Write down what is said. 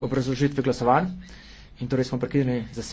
obrazložitve glasovanj. In torej smo prekinili za